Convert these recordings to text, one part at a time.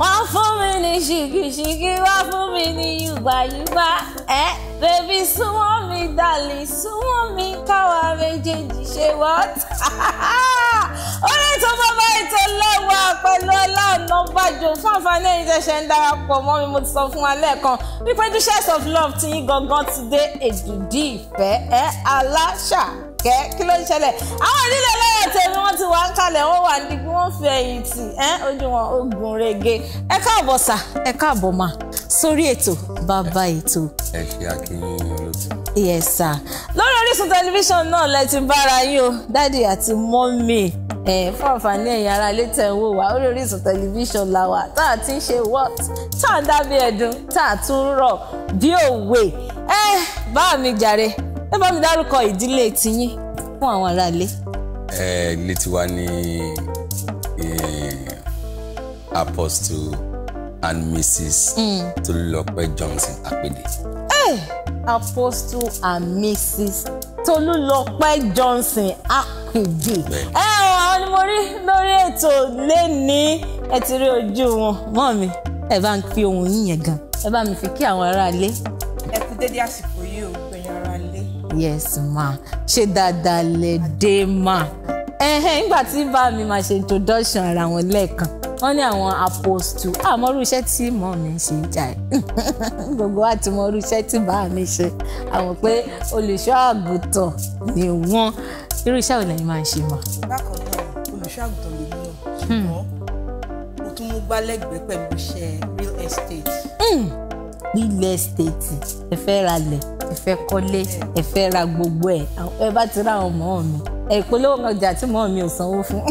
wọ́n fún mi ní ṣìkìṣìkì wọ́n fún mi ní yùgbàyùgbà ẹ́ bèbí súnmọ́ mi dàlí súnmọ́ mi káwa méjèèjì ṣe what? orí tó bá bá ètò lẹ́wà pẹ̀lú Ọlá Ọ̀nàbàjọ fún àǹfààní ẹ̀yin tẹ̀sẹ̀ ń darapọ̀ mọ́ mi mo ti sọ fún wa lẹ́ẹ̀kan wípé the of love ti yín gangan ti dé èdùdí ìfẹ́ ẹ́ aláṣà àṣàkẹ́ kí ló ń ṣẹlẹ̀ àwọn ìdílé lọ́wọ́ tèmi wọ́n ti wá ń kalẹ̀ wọ́n wà níbi wọ́n fi ẹ̀yìn tì ẹ́ ojú wọn ó gùn rege ẹ káàbọ̀ sà ẹ káàbọ̀ mà sórí ètò bàbá ètò. ẹ ṣe akínyìn olóòtú. yes sir lórí Orísun tẹlifíṣàn náà lẹ ti bára yín o dádì àti mọ́mì ẹ fún àǹfààní ẹ̀yin ará ilé tẹ̀ ń wò wá orí Orísun tẹlifíṣàn la wà tá a ti ń ṣe what tá a dábìí ẹ̀dùn tá a tún rọ̀ bí òwe ẹ bá mi jàre ẹ bá mi dárúkọ ìdílé tiyín fún àwọn aráalé. ẹ ilé tiwa ní apostle and mrs hmm. Tolúlọpẹ́ Johnson Àpèdè. apostle and mrs Tolúlọpẹ́ Johnson Àpèdè. ẹ ọ àwọn ni mo rí lórí ètò lẹ́ni ẹ ti rí ojú wọn mọ́ mi ẹ bá ń fi ohun yíyan gan ẹ bá mi fi kí àwọn aráalé. ẹ kú dédé àsìkò yìí o yes ma ṣe dáadáa lè dé ma nígbà tí bá mi máa ṣe introduction ara wọn lẹ́ẹ̀kan wọ́n ní àwọn apostle àmọ́rú iṣẹ́ tí mọ́ mi ṣe ń jà ẹ́ gbogbo wa ti mọ́rú iṣẹ́ tí bá mi ṣe àwọn pé olùṣọ́ àgùntàn ni wọ́n irú iṣẹ́ òun lẹ́yìn máa ń ṣe mọ́. bákan náà olùṣọ́ àgùntàn lèmi náà hmm. ṣùgbọ́n mo tún mú gbálẹ́gbẹ̀ẹ́ pẹ̀lú iṣẹ́ real estate. Hmm. real estate ẹ fẹ́ ra lẹ̀ ẹ fẹ́ kọ́lé ẹ fẹ́ ra gbogbo ẹ̀ ẹ bá ti ra àwọn ọmọ mi ìpolówó ọjà tí mọ̀ mi ò sanwó fún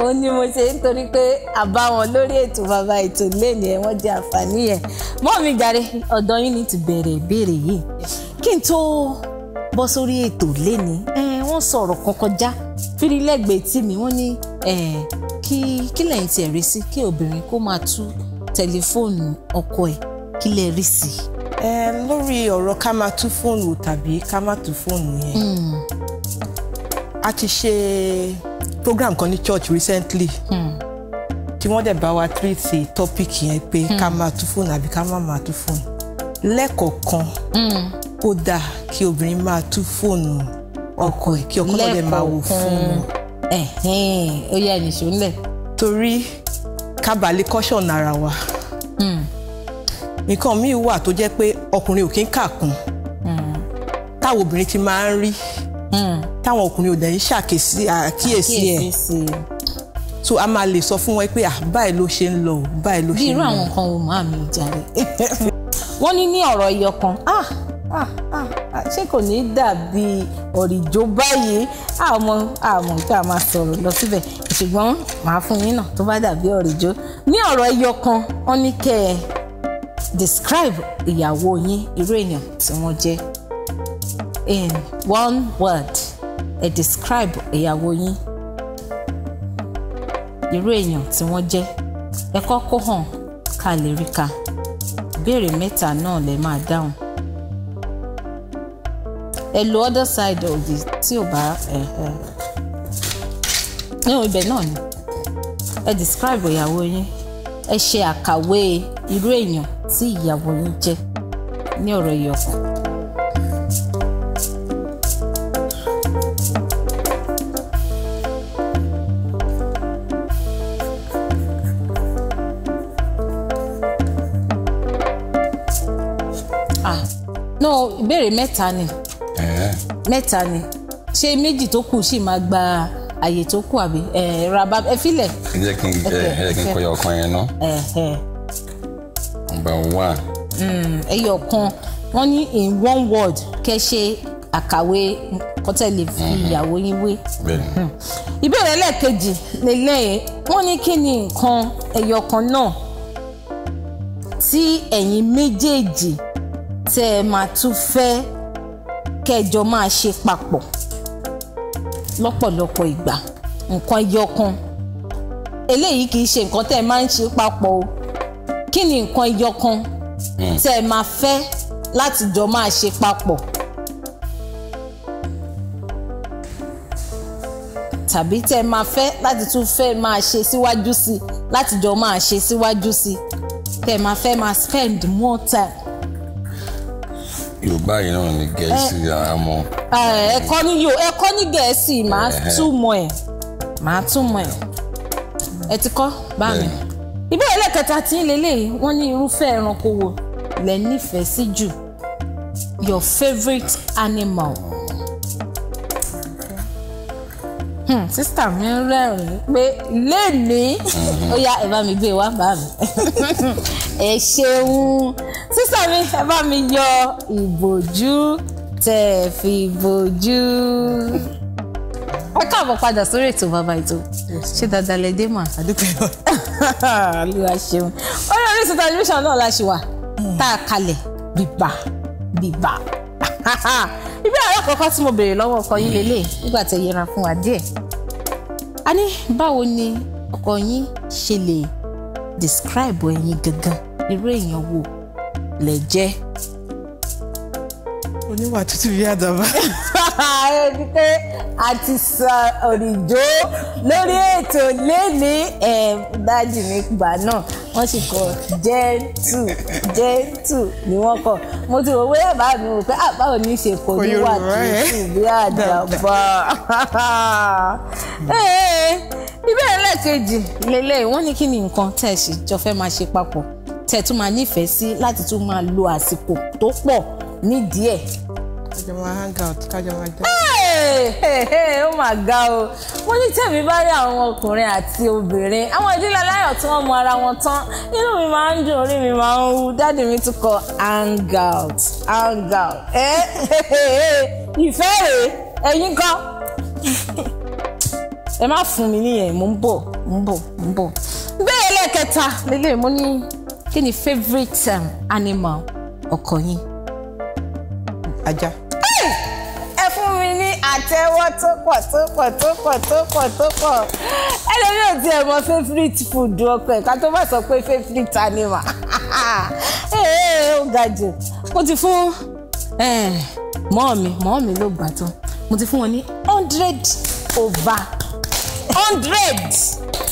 òun ni mo ṣe nítorí pé àbá wọn lórí ètò bàbá ètò lẹ́nu ẹ̀ wọ́n jẹ́ àǹfààní ẹ̀ mọ́ mi gàre ọ̀dọ̀ yín ni ti bẹ̀rẹ̀ ìbéèrè yìí kí n tó bọ́ sórí ètò lẹ́ni wọ́n sọ̀rọ̀ kan kọjá fìrìlẹ́gbẹ̀ẹ́ tí mi wọ́n ní kí kí lẹ́yìn tiẹ̀ rí sí kí obìnrin kó máa tú tẹlifóònù ọkọ ẹ̀ kí lẹ́ rí sí i. lórí ọ̀rọ̀ ká máa tú fóònù tàbí ká má tú fóònù yẹn hmm. a ti ṣe program kan ní church recently hmm. tí wọ́n dẹ̀ bá wa treat topic yẹn pé hmm. ká máa tú fóònù àbí ká máa tú fóònù lẹ́kọ̀ọ̀kan ó dáa kí obìnrin máa tú fóònù ọkọ kí náà máa wò fóònù. ó torí wa. nǹkan míì wà tó jẹ́ pé ọkùnrin ò kí ń kàkún táwọn obìnrin ti máa ń rí hmm. táwọn ọkùnrin ò dẹ̀ ń ṣàkíyèsí ẹ̀ so a máa lè sọ fún wọn pé ah báyìí ló ṣe ń lọ o báyìí ló ṣe ń lọ. bí irú àwọn nǹkan wo máa mi jàre. wọ́n ní ní ọ̀rọ̀ ìyọkan ah ah ah ṣé kò ní dàbí ọ̀rìjó báyìí àmọ́ àmọ́ pé a máa sọ̀rọ̀ lọ síbẹ̀ ṣùgbọ́n màá fún yín náà tó bá dàbí ọ̀rìjó ní ọ̀rọ̀ ìyọkan wọ́n ní kẹ́ ẹ describe ìyàwó yín irú èèyàn tí wọ́n jẹ́ in one word ẹ describe ìyàwó yín irú èèyàn tí wọ́n jẹ́ ẹ kọ́kọ́ hàn ká lè rí ka ìbéèrè mẹ́ta náà lè máa dáhùn ẹ lo other side of the tí ò bá ẹ ibẹ̀ náà ni ẹ describe ìyàwó yín ẹ ṣe àkàwé irú èèyàn tí ìyàwó yín jẹ́ ní ọ̀rọ̀ ìyọkọ. ah no ìbéèrè mẹ́ta ni mẹ́ta ni ṣé méjì tó kù sì máa gba àyè tó kù àbí ẹ raba ẹ filẹ. ẹ jẹ́ kí n jẹ́ kí n kọyọ ọ̀kan yẹn náà. number one. Hmm, ẹyọ ọ̀kan wọ́n ní in one word kẹ́ ṣe àkàwé kọ́tẹ́lẹ̀ fi mhm. ìyàwó yín wé. Hmm. ìbéèrè ẹlẹ́ẹ̀kejì lélẹ́yìn e. wọ́n ní kí ni nǹkan ẹyọ kan náà tí ẹ̀yin méjèèjì tẹ́ ẹ máa tún fẹ́ kẹjọ máa ṣe papọ̀ lọ́pọ̀lọpọ̀ ìgbà nǹkan ẹyọkan eléyìí kì í ṣe nǹkan tẹ́ ẹ máa ń ṣe papọ̀ o kí ni nǹkan ẹyọkan hmm. tẹ́ ẹ máa fẹ́ láti jọ máa ṣe papọ̀ tàbí tẹ́ ẹ máa fẹ́ láti tún fẹ́ máa ṣe síwájú sí láti jọ máa ṣe síwájú sí tẹ́ ẹ máa fẹ́ máa spend more time yorùbá yìí náà ni gẹ̀ẹ́sì eh, àmọ́. Eh, ẹ̀kọ́ ní yóò ẹ̀kọ́ ní gẹ̀ẹ́sì màá túmọ̀ ẹ̀ màá túmọ̀ ẹ̀ ẹ ti kọ́ bá mi. ìbéèrè lẹ́kẹta tí ń lélẹ́yìí wọ́n ní irúfẹ́ ẹranko wo lẹ nífẹ̀ẹ́ sí jù your favourite animal. Hmm, sísítà mi ń rẹ́rìn-ín pé lẹ́ẹ̀ni mhm. ó yá ẹ bá mi gbé e wá bá mi. ẹ ṣeun sísọ mi ẹ bá mi yọ ìbòjú tẹ ẹ fi bòjú. ẹ káàbọ̀ padà sórí ètò bàbá ètò ṣé dáadáa lẹ dé mà. àdúgbò yọ. olúwa ṣeun orí Orísun tẹlifíṣàn náà la ṣì wà hmm. tá a kalẹ̀ bìbà bìbà ìbéèrè àkọ́kọ́ tí mo béèrè lọ́wọ́ ọkọ yín lélẹ̀ hmm. nígbà tẹ́ yẹra fún wa díẹ̀ a ní báwo ni ọkọ yín ṣe lè describe ẹ̀yin gangan irú èèyàn wo lẹ jẹ́. oníwà tútù bí àdàbà. ẹ rí pé a ti sọ òrìjó lórí ètò lẹ́ni dájú nígbà náà wọ́n sì kọ jẹ́ntù jẹ́ntù ni wọ́n kọ mo ti wò wíyà bá mi wò pé àbáwò ní í ṣe kò ní wà tútù bí àdàbà ìbéèrè lẹ́ẹ̀kejì lélẹ́yìn wọ́n ní kí ni nǹkan tẹ̀ sí jọ fẹ́ máa ṣe papọ̀ tẹ̀ tún máa nífẹ̀ẹ́ sí láti tún máa lo àsìkò tó pọ̀ nídìí ẹ̀. kájọ máa hang out kájọ máa jẹ. ó mà ga o mo ní tèmi bá rí àwọn ọkùnrin àti obìnrin àwọn ìdílé aláyọ̀ tí wọ́n mọ ara wọn tán inú mi máa ń dùn orí mi máa ń wú dáàdì mi tún kọ hang out hang out eh, ìfẹ́ rèé ẹ̀yin kọ́ ẹ má fún mi nìyẹn mò ń bọ̀ mò ń bọ̀ mò ń bọ̀ bẹ́ẹ̀ lẹ́ẹ̀kẹta lélẹ̀ mo ní kí ni favourite um, animal ọkọ yín. ajá. ẹ fún mi ní àtẹ́wọ́ tó pọ̀ tó pọ̀ tó pọ̀ tó pọ̀ tó pọ̀ ẹlẹ́mi ò tiẹ̀ mọ favourite food ọkọ ẹ̀ ká tó bá sọ pé favourite animal ó ga jù mo ti fún mọ́ mi mọ́ mi ló gbà tán mo ti fún wọn ní hundred over hundred.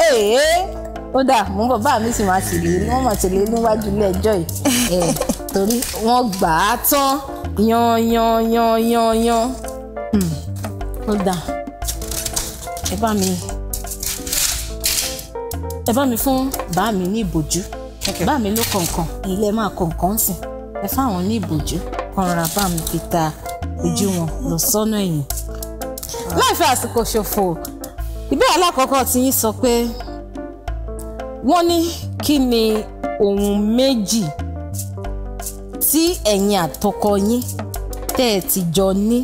Hey ó dà mú bàbá mi sì máa tẹ̀lé wọ́n máa tẹ̀lé e níwájú ilé ẹjọ́ yìí torí wọ́n gbà á tán yan yan yan yan yan hmm, ó dà ẹ bá mi ẹ bá mi fún bá mi ní ìbòjú bá mi ló kọ̀ọ̀kan ilé máa kọ̀ọ̀kan sìn ẹ fáwọn ní ìbòjú kanra bá mi fi ta ojú wọn lọ sọ́nà ẹ̀yìn. Ah. láì fi àsìkò ṣòfò ìbéèrè alákọ̀ọ́kọ́ tí yín sọ pé wọ́n ní kí ni ohun méjì tí ẹ̀yin àtọkọ yín tẹ́ ẹ ti jọ ní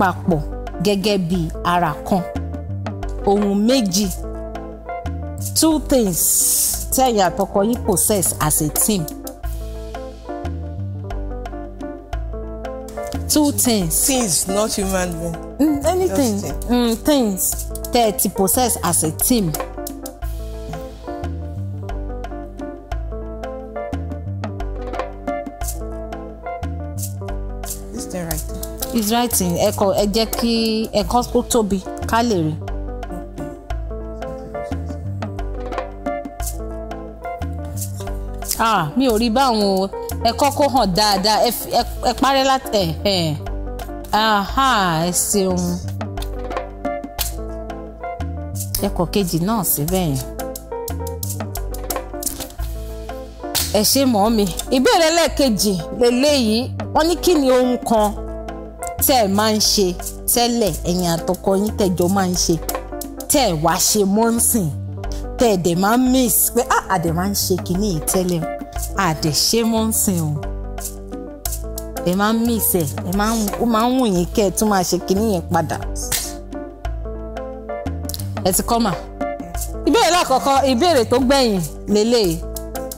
papọ̀ gẹ́gẹ́ bí ara kan ohun méjì two things tí ẹ̀yin àtọkọ yín possess as a team. two things. things not human being. Mm, anything mm, things tẹ́ ti possess as a team. creative writing ẹ kọ ẹ jẹ́ kí ẹ̀kọ́ tó tóbi ká lè rí. ah mi ò rí báwọn o ẹ kọ́kọ́ hàn dáadáa ẹ parẹ́ láti ẹ aha ẹ ṣeun ẹ kọ kejì náà síbẹ̀ yẹn. ẹ ṣe mọ́ mi ìbéèrè lẹ́ẹ̀kejì lélẹ́yìí wọ́n ní kí ni ohun kan tẹ́ ẹ̀ máa ń ṣe tẹ́lẹ̀ ẹ̀yin àtọkọ yín tẹ̀jọ́ máa ń ṣe tẹ́ ẹ̀ wá ṣe mọ́ǹsìn tẹ́ ẹ̀ dẹ̀ máa ń miss pé ah àdẹ̀ máa ń ṣe kínní yìí tẹ́lẹ̀ o àdẹ̀ ṣe mọ́ǹsìn o ẹ̀ máa ń miss ẹ̀ ẹ̀ máa ń wù yín kẹ́ ẹ̀ tún máa ṣe kínní yẹn padà ẹ ti kọ́ mà ìbéèrè lákọ̀ọ́kọ́ ìbéèrè tó gbẹ̀yìn lélẹ́yìí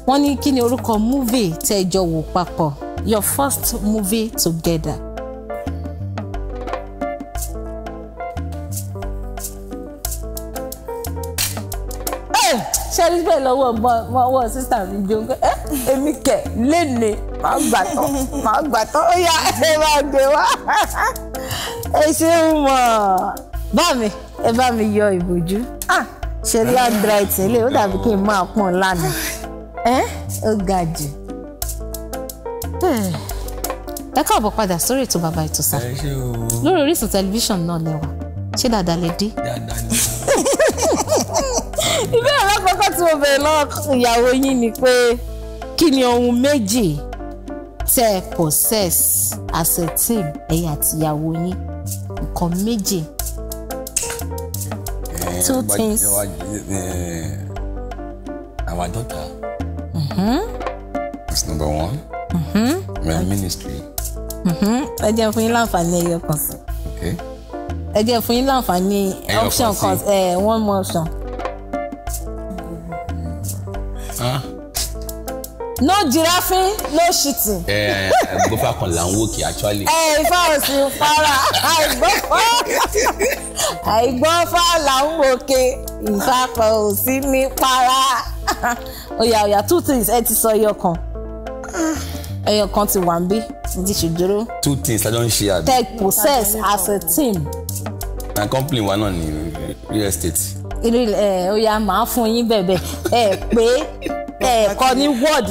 wọ́n ní kí ni orúkọ movie tẹ́ ẹ jọ wò papọ̀ your first movie together díẹ̀ lọ́wọ́ ọwọ́ sísà mi jó pé ẹ èmi kẹ̀ léne màá gbà tán màá gbà tán ó yá ẹ máa gbé wá ẹ ṣeun mọ̀ bá mi ẹ bá mi yọ ìbòjú ṣe ládùúrà ìtẹ́lẹ̀ ó dàbí kí n máa pọ̀n lánàá ẹ ó ga jù hmm. ẹ káàbọ̀ padà sórí ètò bàbá ìtòsà lórí Orísun tẹlifíṣàn náà lẹ́wà ṣé dáadáa lè dé. dáadáa ni ìbéèrè alákọ̀ọ́kọ́ tí mo bẹ̀rẹ̀ lọ́wọ́ ìyàwó yín ni pé kí ni ohun méjì tẹ́ possess as a team ẹ̀yin àtìyàwó yín nǹkan méjì two things. Our eh, daughter. Mm-hmm. That's number one. My mm-hmm. ministry. Mm-hmm. Ẹ jẹ́ fún yín láǹfààní ẹyọ kan Ẹ jẹ́ fún yín láǹfààní option kan eh, one more option. no giraffing no shitting. ẹ ẹ gbọ́fà kan là ń wòkè actually. ẹ eh, ifá òsì fara àìgbọ́fà àìgbọ́fà là ń wòkè ìfapọ̀ òsì ní para. oya oya two things ẹ ti sọ iye ọkàn ẹyọ kan ti wà ń bí ti ṣe dúró. two things lajọ ń ṣe àbí. take process as a team. na company wa náà ni real estate. real ẹ ó yá màá fún yín bẹ̀bẹ̀ ẹ pé ẹ̀kọ́ ní word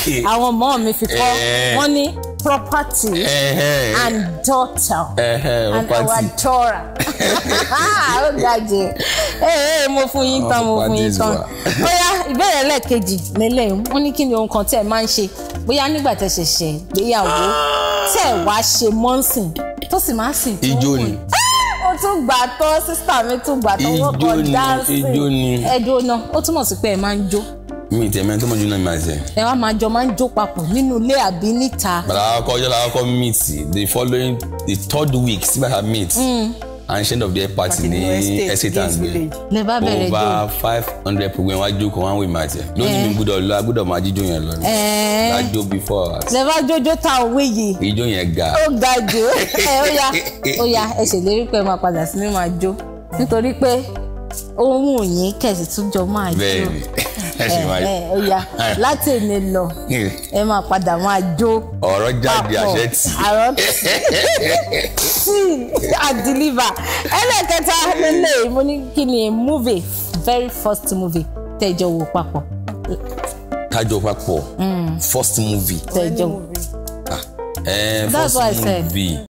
tí àwọn ọmọ mi fi kọ́ eh. wọ́n ní property eh, eh. and daughter and our daughter ah, ó ga jẹ ee mo fún yín tán mo fún yín tán bóyá ìbéèrè lẹ́ẹ̀kejì lélẹ̀ wọ́n ní kí ni ohun kan tẹ́ ẹ máa ń ṣe bóyá nígbà tẹ́ ṣẹ̀ṣẹ̀ gbéyàwó tẹ́ ẹ wá ṣe mọ́ǹsìn tó sì máa ń sìn tó ń wù. ijó ni ah, ó tún gbà tọ́ sísá mi tún gbà tọ́ wọ́pọ̀ dáńsì ijó náà ó túmọ̀ sí pé ẹ máa ń jó mi tẹ mẹ́tọ́ mọ́jú náà mi máa tẹ. ẹ wá máa jọ máa ń jó papọ̀ nínú ilé àbí níta. bàtà akọ ọjọ́ la meet the following the third week sí bàtà meet mm. ancient of their party ní estate and gbé over five hundred people wọ́n wá jókòó wọ́n wí máa tẹ lónìí eh. mi gbúdọ̀ lọ agbúdọ̀ máa jíjó yẹn lọ lájó eh. before us. lè bá jójó ta òwe yìí. ijó yẹn ga. ó ga jù ẹ eh, ó ya ó ya ẹ ṣèlérí pé máa padà sí ní máa jó nítorí pé ohun òyìn kẹ̀sì tún jọ máa jó ẹ sì máa yọ. ó yá láti èmi lọ ẹ máa padà máa jó. ọ̀rọ̀ jáde àṣẹ tì. àrọ tí hmm, i deliver ẹlẹ́kẹta lélẹ̀ mo ní kí ni movie very first movie tẹ́jọ wò papọ̀. kájọ papọ̀ hmm. first movie. tẹ́jọ wò. ah first movie. Ah, eh,